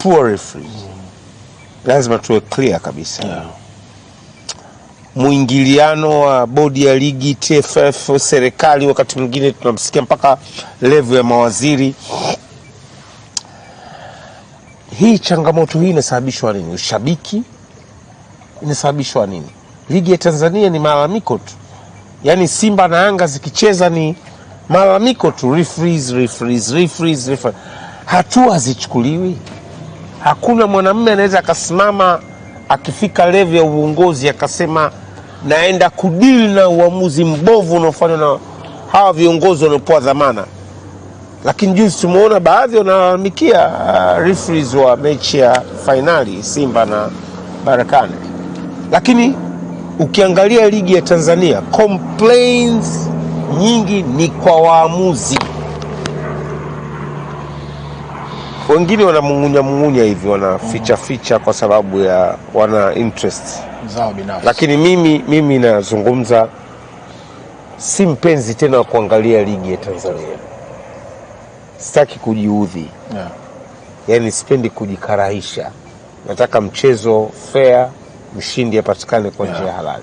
poor referees. Lazima tuwe clear kabisa yeah. Mwingiliano wa bodi ya ligi, TFF, serikali, wakati mwingine tunamsikia mpaka level ya mawaziri. Hii changamoto hii inasababishwa nini? Ushabiki inasababishwa nini? Ligi ya Tanzania ni malalamiko tu, yaani Simba na Yanga zikicheza ni malalamiko tu, referees, referees, referees, referees. Hatua hazichukuliwi. Hakuna mwanamume anaweza akasimama akifika levu ya uongozi akasema naenda kudili na uamuzi mbovu unaofanywa na hawa viongozi wanaopewa dhamana. Lakini juzi tumeona baadhi wanalalamikia uh, referees wa mechi ya fainali Simba na Barakani. Lakini ukiangalia ligi ya Tanzania complaints nyingi ni kwa waamuzi. wengine wanamung'unya mung'unya hivi wanaficha mm. ficha kwa sababu ya wana interest zao binafsi, lakini mimi mimi nazungumza, si mpenzi tena wa kuangalia ligi ya Tanzania, sitaki kujiudhi yeah. Yani sipendi kujikarahisha, nataka mchezo fair, mshindi apatikane kwa njia yeah. halali.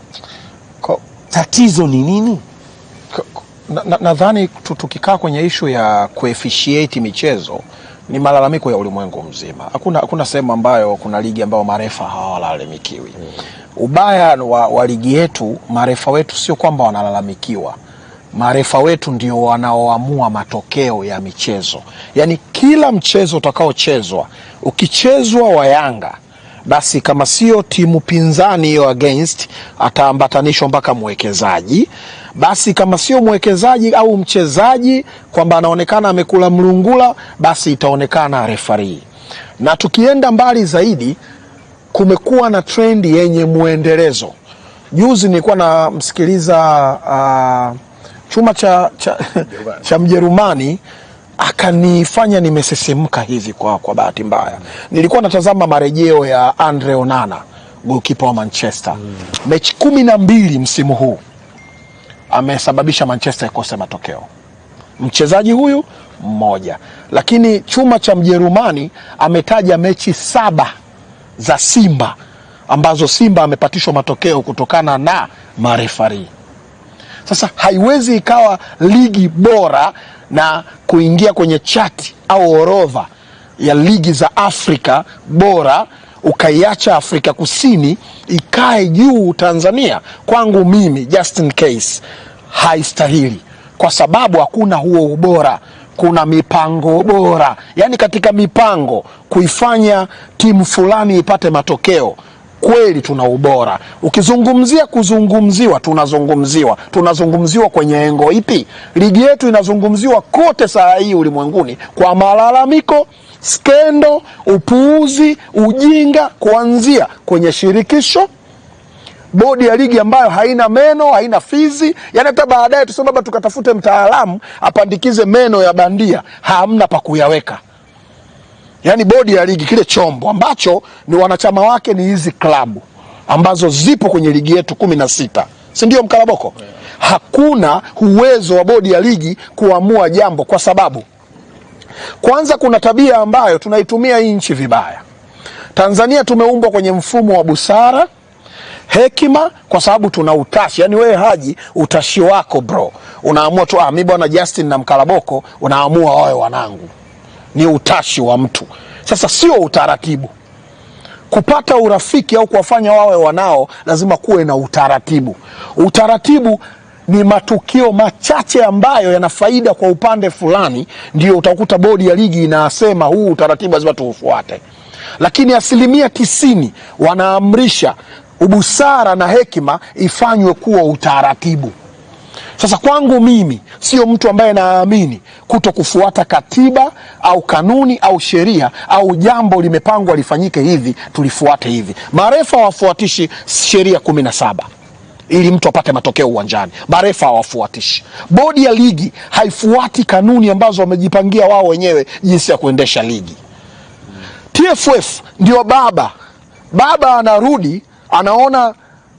Tatizo ni nini? Nadhani na, tukikaa kwenye ishu ya kuefficiate michezo ni malalamiko ya ulimwengu mzima. Hakuna hakuna sehemu ambayo kuna ligi ambayo marefa hawalalamikiwi. Mm. Ubaya wa, wa ligi yetu, marefa wetu sio kwamba wanalalamikiwa marefa wetu ndio wanaoamua matokeo ya michezo. Yaani, kila mchezo utakaochezwa, ukichezwa wa Yanga basi kama sio timu pinzani hiyo against, ataambatanishwa mpaka mwekezaji. Basi kama sio mwekezaji au mchezaji kwamba anaonekana amekula mlungula, basi itaonekana refarii. Na tukienda mbali zaidi, kumekuwa na trendi yenye mwendelezo. Juzi nilikuwa namsikiliza uh, chuma cha, cha, cha Mjerumani akanifanya nimesesemka hivi. Kwa, kwa bahati mbaya nilikuwa natazama marejeo ya Andre Onana golkipa wa Manchester mm. mechi kumi na mbili msimu huu amesababisha Manchester ikose matokeo, mchezaji huyu mmoja. Lakini chuma cha Mjerumani ametaja mechi saba za Simba ambazo Simba amepatishwa matokeo kutokana na marefari. Sasa haiwezi ikawa ligi bora na kuingia kwenye chati au orodha ya ligi za Afrika bora ukaiacha Afrika Kusini ikae juu Tanzania, kwangu mimi Justin Case haistahili, kwa sababu hakuna huo ubora. Kuna mipango bora, yaani katika mipango kuifanya timu fulani ipate matokeo kweli tuna ubora. Ukizungumzia kuzungumziwa, tunazungumziwa, tunazungumziwa kwenye engo ipi? Ligi yetu inazungumziwa kote saa hii ulimwenguni kwa malalamiko, skendo, upuuzi, ujinga, kuanzia kwenye shirikisho bodi ya ligi ambayo haina meno haina fizi, yani hata baadaye tuseme baba, tukatafute mtaalamu apandikize meno ya bandia, hamna pa kuyaweka yani bodi ya ligi, kile chombo ambacho ni wanachama wake ni hizi klabu ambazo zipo kwenye ligi yetu kumi na sita, si ndio Mkaraboko? Yeah. Hakuna uwezo wa bodi ya ligi kuamua jambo, kwa sababu kwanza kuna tabia ambayo tunaitumia hii nchi vibaya. Tanzania tumeumbwa kwenye mfumo wa busara hekima kwa sababu tuna utashi. Yani wewe Haji, utashi wako bro, unaamua tu ah, mi bwana Justin na Mkalaboko, unaamua wawe wanangu ni utashi wa mtu. Sasa sio utaratibu. Kupata urafiki au kuwafanya wawe wanao, lazima kuwe na utaratibu. Utaratibu ni matukio machache ambayo yana faida kwa upande fulani, ndio utakuta bodi ya ligi inasema huu utaratibu lazima tuufuate, lakini asilimia tisini wanaamrisha ubusara na hekima ifanywe kuwa utaratibu. Sasa kwangu mimi sio mtu ambaye naamini kuto kufuata katiba au kanuni au sheria au jambo limepangwa lifanyike hivi tulifuate hivi. Marefa hawafuatishi sheria kumi na saba ili mtu apate matokeo uwanjani. Marefa hawafuatishi, bodi ya ligi haifuati kanuni ambazo wamejipangia wao wenyewe jinsi ya kuendesha ligi. TFF ndio baba baba, anarudi anaona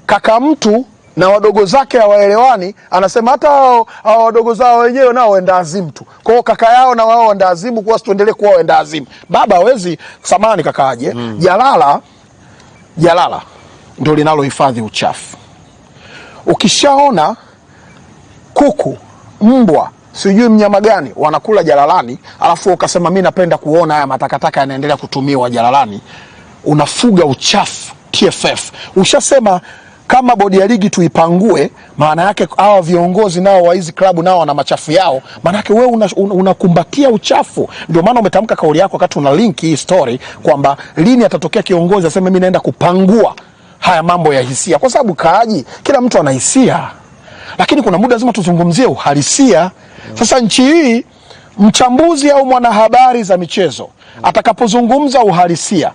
kaka mtu na wadogo zake hawaelewani, anasema hata hao wadogo zao wenyewe nao waenda azimu tu. Kwa hiyo kaka yao na wao waenda azimu, kwa tuendelee kuwa waenda azimu. Baba hawezi samani kakaaje. Mm. Jalala, jalala ndio linalohifadhi uchafu. Ukishaona kuku, mbwa sijui mnyama gani wanakula jalalani, alafu ukasema mi napenda kuona haya matakataka yanaendelea kutumiwa jalalani, unafuga uchafu TFF. Ushasema kama bodi ya ligi tuipangue, maana yake hawa viongozi nao wa hizi klabu nao wana machafu yao, maana yake wewe unakumbatia una, una uchafu. Ndio maana umetamka kauli yako wakati una link hii story kwamba lini atatokea kiongozi aseme mimi naenda kupangua haya mambo ya hisia, kwa sababu kaaji, kila mtu ana hisia, lakini kuna muda lazima tuzungumzie uhalisia. Sasa nchi hii mchambuzi au mwanahabari za michezo atakapozungumza uhalisia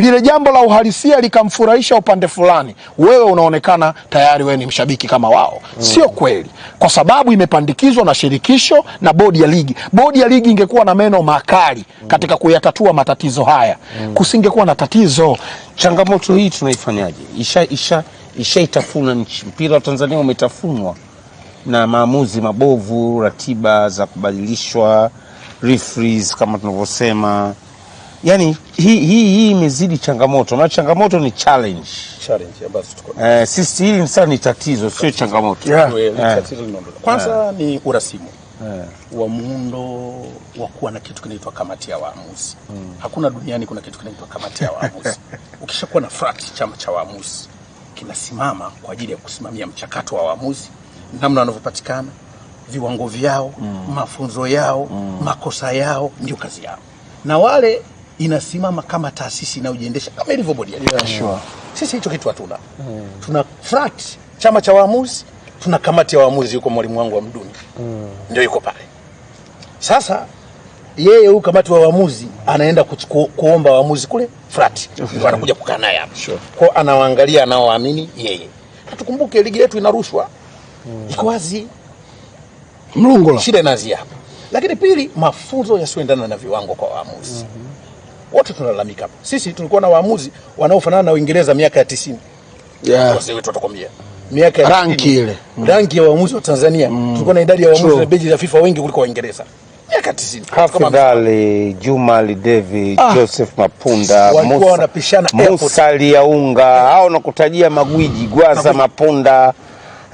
lile jambo la uhalisia likamfurahisha upande fulani, wewe unaonekana tayari wewe ni mshabiki kama wao mm. Sio kweli, kwa sababu imepandikizwa na shirikisho na bodi ya ligi. Bodi ya ligi ingekuwa na meno makali mm. katika kuyatatua matatizo haya mm. kusingekuwa na tatizo. Changamoto hii tunaifanyaje? Isha, isha, ishaitafuna nchi. Mpira wa Tanzania umetafunwa na maamuzi mabovu, ratiba za kubadilishwa, referees kama tunavyosema yani hii hii imezidi changamoto, na changamoto ni challenge challenge ambazo tuko eh, sisi hili sana ni tatizo, sio changamoto yeah. Yeah. Kwanza yeah. ni urasimu yeah. wa muundo wa kuwa na kitu kinaitwa kamati ya waamuzi mm. Hakuna duniani kuna kitu kinaitwa kamati ya waamuzi ukishakuwa na frat, chama cha waamuzi kinasimama kwa ajili ya kusimamia mchakato wa waamuzi, namna wanavyopatikana, viwango vyao mm. mafunzo yao mm. makosa yao, ndio kazi yao na wale inasimama kama taasisi inayojiendesha kama ilivyo bodi ya ligi. Yeah, sure. Sisi hicho kitu hatuna. Mm. Tuna frat chama cha waamuzi, tuna kamati ya waamuzi, yuko mwalimu wangu wa Mduni. Mm. Ndio yuko pale. Sasa yeye huyu kamati wa waamuzi anaenda kuchuko, kuomba waamuzi kule frat. Ndio anakuja kukaa naye hapo. Sure. Kwao anawaangalia anaoamini yeye. Tukumbuke ligi yetu inarushwa. Mm. Iko wazi. Mlungu. Shida inaanzia hapo. Lakini pili, mafunzo yasioendana na viwango kwa waamuzi. Mm -hmm wote tunalalamika hapa. Sisi tulikuwa na waamuzi wanaofanana na Uingereza miaka ya 90. Yeah. Wazee wetu watakwambia. Miaka ya rangi ile. Mm. Rangi ya waamuzi wa Tanzania. Mm. Tulikuwa na idadi ya waamuzi na beji za FIFA wengi kuliko Waingereza. Miaka 90. Hafidhali, Juma Lidevi, ah, Joseph Mapunda, Musa, Musa Liaunga, hao nakutajia magwiji, Gwaza Mapunda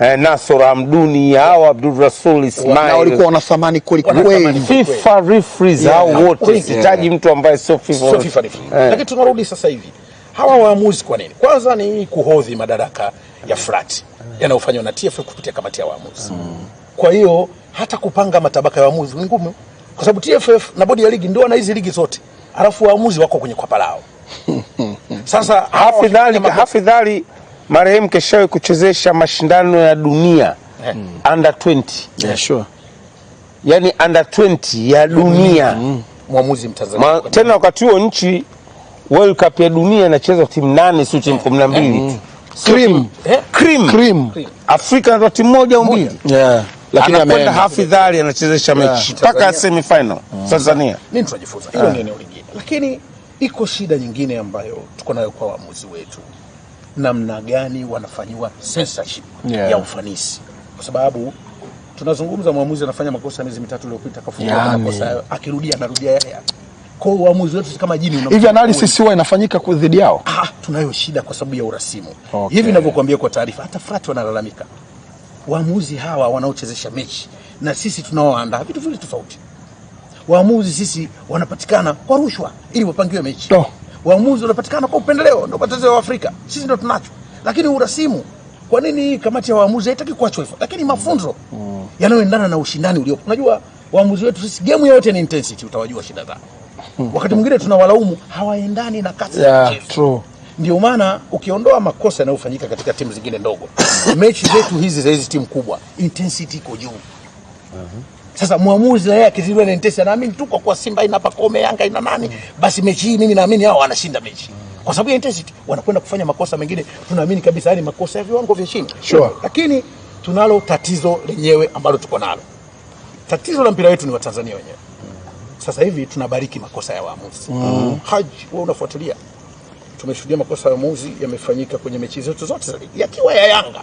eh, Nasor Amduni au Abdul Rasul Ismail, na walikuwa wana thamani kweli kweli, FIFA referees hao wote, sitaji mtu ambaye sio FIFA referee. Eh. Lakini tunarudi sasa hivi hawa waamuzi kwa nini? Kwanza ni kuhodhi madaraka ya frat yanayofanywa na TFF kupitia kamati ya waamuzi. Mm. Kwa hiyo hata kupanga matabaka ya waamuzi ni ngumu, kwa sababu TFF na bodi ya ligi ndio wana hizi ligi zote, alafu waamuzi wako kwenye kwapa lao. Sasa hafidhali hafidhali marehemu keshawe kuchezesha mashindano ya dunia mm. under 20 yeah, Yeah, sure. yani under 20 ya dunia mm. mwamuzi Mtanzania Ma, tena wakati huo nchi World Cup ya dunia inachezwa timu nane, sio timu 12 eh. hmm. eh? Afrika ndio timu moja au mbili yeah. Lakini anakwenda hafidhali anachezesha mechi mpaka semi final hmm. Tanzania. Mimi tunajifunza? Hilo ni eneo lingine, lakini iko shida nyingine ambayo tuko nayo kwa waamuzi wetu namna gani wanafanyiwa censorship yeah. ya ufanisi, kwa sababu tunazungumza, mwamuzi anafanya makosa miezi mitatu iliyopita, kafunguliwa yani. makosa hayo akirudia, anarudia yale kwa uamuzi wetu kama jini hivi, analysis huwa inafanyika dhidi yao. Ah, tunayo shida kwa sababu ya urasimu okay. Hivi ninavyokuambia kwa taarifa, hata frati wanalalamika waamuzi hawa wanaochezesha mechi na sisi tunaoandaa vitu vile tofauti. Waamuzi sisi wanapatikana kwa rushwa ili wapangiwe mechi Toh. Waamuzi wanapatikana kwa upendeleo, ndio matatizo ya Afrika. Sisi ndio tunacho. Lakini urasimu, kwa nini hii kamati ya waamuzi haitaki kuachwa hivyo? Lakini mafunzo mm. yanayoendana na ushindani uliopo. Unajua waamuzi wetu sisi game yote ni intensity, utawajua shida zao. Mm. Wakati mwingine tunawalaumu hawaendani na kasi yeah, true Ndio maana ukiondoa makosa yanayofanyika katika timu zingine ndogo, mechi zetu hizi za hizi timu kubwa intensity iko juu. Uh -huh. Sasa muamuzi na yeye akizidiwa na Entesa, naamini tu kwa kuwa Simba ina Pacome, Yanga ina nani, basi mechi hii mimi naamini hao wanashinda mechi kwa sababu ya intensity. Wanakwenda kufanya makosa mengine, tunaamini kabisa yani makosa ya viwango vya chini sure. Lakini tunalo tatizo lenyewe ambalo tuko nalo, tatizo la mpira wetu ni Watanzania wenyewe. Sasa hivi tunabariki makosa ya waamuzi mm. Haji, wewe unafuatilia, tumeshuhudia makosa ya waamuzi yamefanyika kwenye mechi zetu zote za ligi, yakiwa ya Yanga.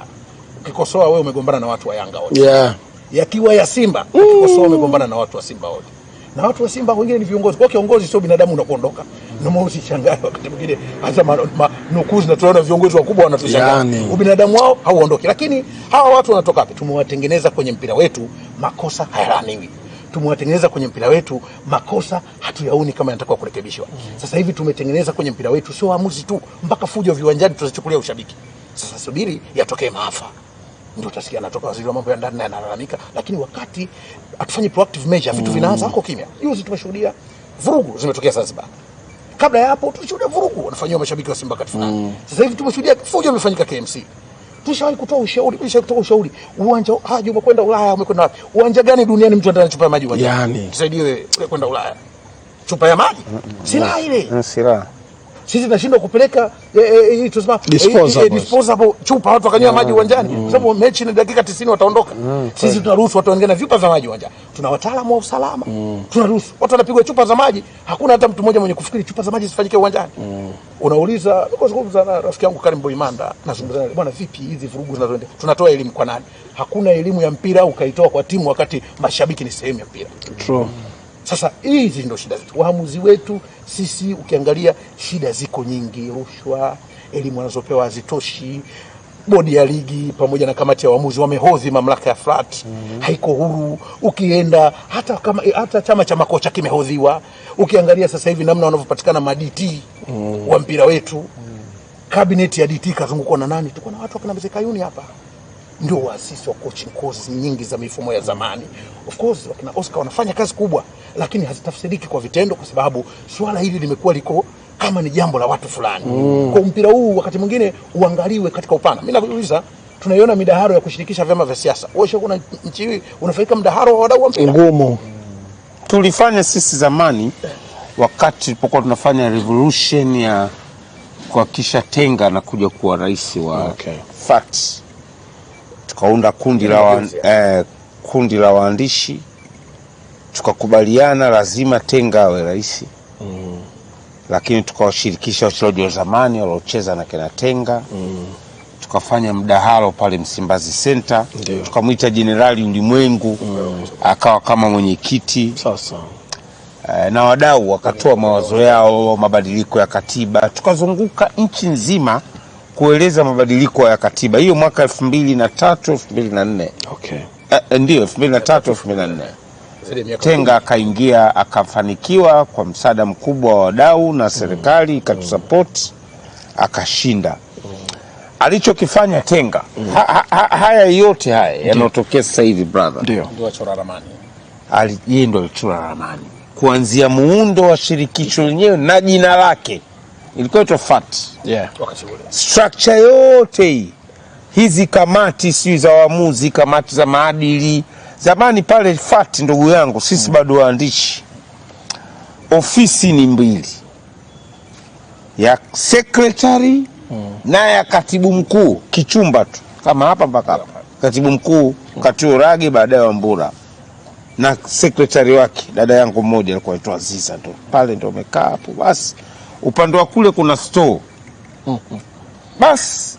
Ukikosoa wewe umegombana na watu wa Yanga wote yeah yakiwa ya Simba Akikosoa wamegombana na watu wa Simba wote, na watu wa Simba wengine ni viongozi. Kwa kiongozi sio binadamu unakuondoka na mimi usichangae, wakati mwingine hata nukuzi na tunaona viongozi wakubwa wanatushangaa yani. Ubinadamu wao hauondoki, lakini hawa watu wanatoka wapi? Tumewatengeneza kwenye mpira wetu, makosa hayalaaniwi tumewatengeneza kwenye mpira wetu makosa hatuyaoni kama yanatakiwa kurekebishwa. Mm. Sasa hivi tumetengeneza kwenye mpira wetu sio waamuzi tu, mpaka fujo viwanjani tunazichukulia ushabiki. Sasa subiri yatokee maafa ndio utasikia anatoka waziri wa mambo ya ndani naye analalamika, lakini wakati atufanye proactive measure vitu mm. vinaanza huko kimya. Juzi tumeshuhudia vurugu zimetokea Zanzibar. Kabla ya hapo tulishuhudia vurugu wanafanyiwa mashabiki wa Simba wakati fulani mm. Sasa hivi tumeshuhudia fujo imefanyika KMC. Tushawahi kutoa ushauri, tulishawahi kutoa ushauri. Uwanja ah, haja umekwenda Ulaya, umekwenda wapi? Uwanja gani duniani mtu anataka chupa ya maji uwanja? Yani. Tusaidie kwenda Ulaya. Chupa ya maji? mm Silaha ile. Silaha sisi tunashindwa kupeleka eh, eh, eh, tunasema disposable, chupa watu wakanywa ah. maji uwanjani kwa sababu mechi na dakika 90 wataondoka. Ah, sisi tunaruhusu watu wengine na vyupa za maji uwanjani, tuna wataalamu wa usalama, mm. tunaruhusu watu wanapigwa chupa za maji. Hakuna hata mtu mmoja mwenye kufikiri chupa za maji zifanyike uwanjani. Mm. Unauliza, unazungumza na rafiki yangu Karim Boimanda, nazungumza naye bwana, vipi hizi vurugu zinazoendelea? Tunatoa elimu kwa nani? Hakuna elimu ya mpira ukaitoa kwa timu wakati mashabiki ni sehemu ya mpira. True. Sasa hizi ndio shida zetu, waamuzi wetu sisi. Ukiangalia shida ziko nyingi, rushwa, elimu wanazopewa hazitoshi. Bodi ya ligi pamoja na kamati ya waamuzi wamehodhi mamlaka ya flat mm -hmm. haiko huru. Ukienda hata kama hata chama cha makocha kimehodhiwa. Ukiangalia sasa hivi namna wanavyopatikana maditi mm -hmm. wa mpira wetu mm -hmm. kabineti ya DT kazungukwa na nani? Tuko na watu wakina Mzee Kayuni hapa ndio waasisi wa coaching courses nyingi za mifumo ya zamani. Of course wakina Oscar wanafanya kazi kubwa, lakini hazitafsiriki kwa vitendo, kwa sababu swala hili limekuwa liko kama ni jambo la watu fulani mm. Kwa mpira huu wakati mwingine uangaliwe katika upana. Mimi nakuuliza tunaiona midaharo ya kushirikisha vyama vya siasa. Wewe kuna nchi hii unafaika mdaharo wa wadau wa mpira? Ngumu. Tulifanya sisi zamani wakati tulipokuwa tunafanya revolution ya kuhakisha Tenga anakuja kuwa rais wa okay. facts tukaunda kundi la eh, kundi la waandishi tukakubaliana lazima Tenga awe rais mm. Lakini tukawashirikisha wachezaji wa zamani waliocheza na kina Tenga mm. Tukafanya mdahalo pale Msimbazi Center Tukamwita Jenerali Ulimwengu mm. Akawa kama mwenyekiti sasa eh, na wadau wakatoa mawazo yao, mabadiliko ya katiba, tukazunguka nchi nzima kueleza mabadiliko ya katiba hiyo mwaka elfu mbili na tatu elfu mbili na nne okay. E, ndio elfu mbili na tatu elfu mbili na nne Tenga akaingia akafanikiwa kwa msaada mkubwa wa wadau na serikali mm. ikatusapoti mm. akashinda. Mm. Alichokifanya Tenga ha, ha, haya yote haya yanayotokea sasa hivi brother, ndio yeye ndo alichora ramani kuanzia muundo wa shirikisho lenyewe na jina lake ilikuwa itwa FAT yeah. Structure yote hii hizi kamati si za waamuzi, kamati za maadili zamani pale FAT, ndugu yangu, sisi hmm. bado waandishi, ofisi ni mbili, ya sekretari hmm. na ya katibu mkuu, kichumba tu kama hapa mpaka hapa katibu mkuu mm. Katiurage, baadaye Wambura na sekretari wake dada yangu mmoja alikuwa aitwa Aziza, ndo pale ndo umekaa hapo basi upande wa kule kuna store mm -hmm. Basi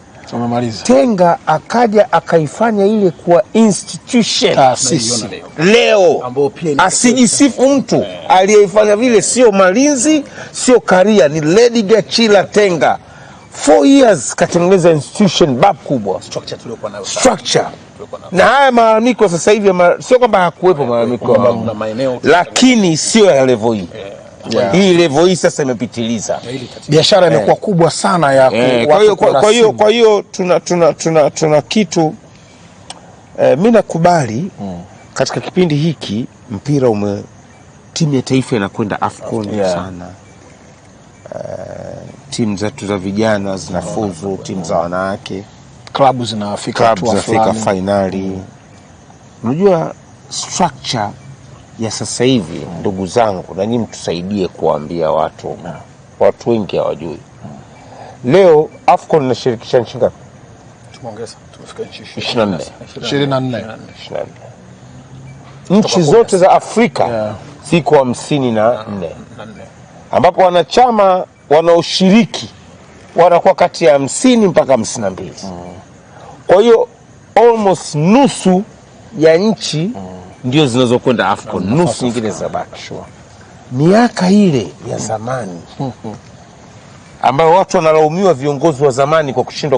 Tenga akaja akaifanya ile kuwa institution taasisi leo, asijisifu mtu aliyeifanya vile. Sio Malinzi, sio Karia, ni Lady Gachila Tenga. Four years katengeneza institution bab kubwa structure na haya malalamiko sasa hivi sio kwamba hakuwepo malalamiko, lakini sio ya levo hii. Eh yeah. Hii level hii sasa imepitiliza, biashara eh. imekuwa kubwa sana ya yeah. kwa hiyo kwa hiyo kwa hiyo tuna, tuna, tuna, tuna kitu eh, mi nakubali mm. Katika kipindi hiki mpira ume timu ya taifa inakwenda AFCON yeah. sana uh, timu zetu za vijana zinafuzu timu za wanawake klabu zinafika fainali unajua structure ya sasa hivi mm. Ndugu zangu, na nyinyi mtusaidie kuwaambia watu mm. Watu wengi hawajui mm. Leo AFCON inashirikisha nchi ngapi? Tumeongeza, tumefika nchi 24. 24. Nchi zote za Afrika yeah. hamsini na nne ambapo wanachama wanaoshiriki wanakuwa kati ya hamsini mpaka hamsini na mbili. Mm. Kwa hiyo almost nusu ya nchi mm ndio zinazokwenda AFCON, nusu nyingine zinabaki. Sure. Miaka ile ya zamani ambayo watu wanalaumiwa viongozi wa zamani kwa kushindwa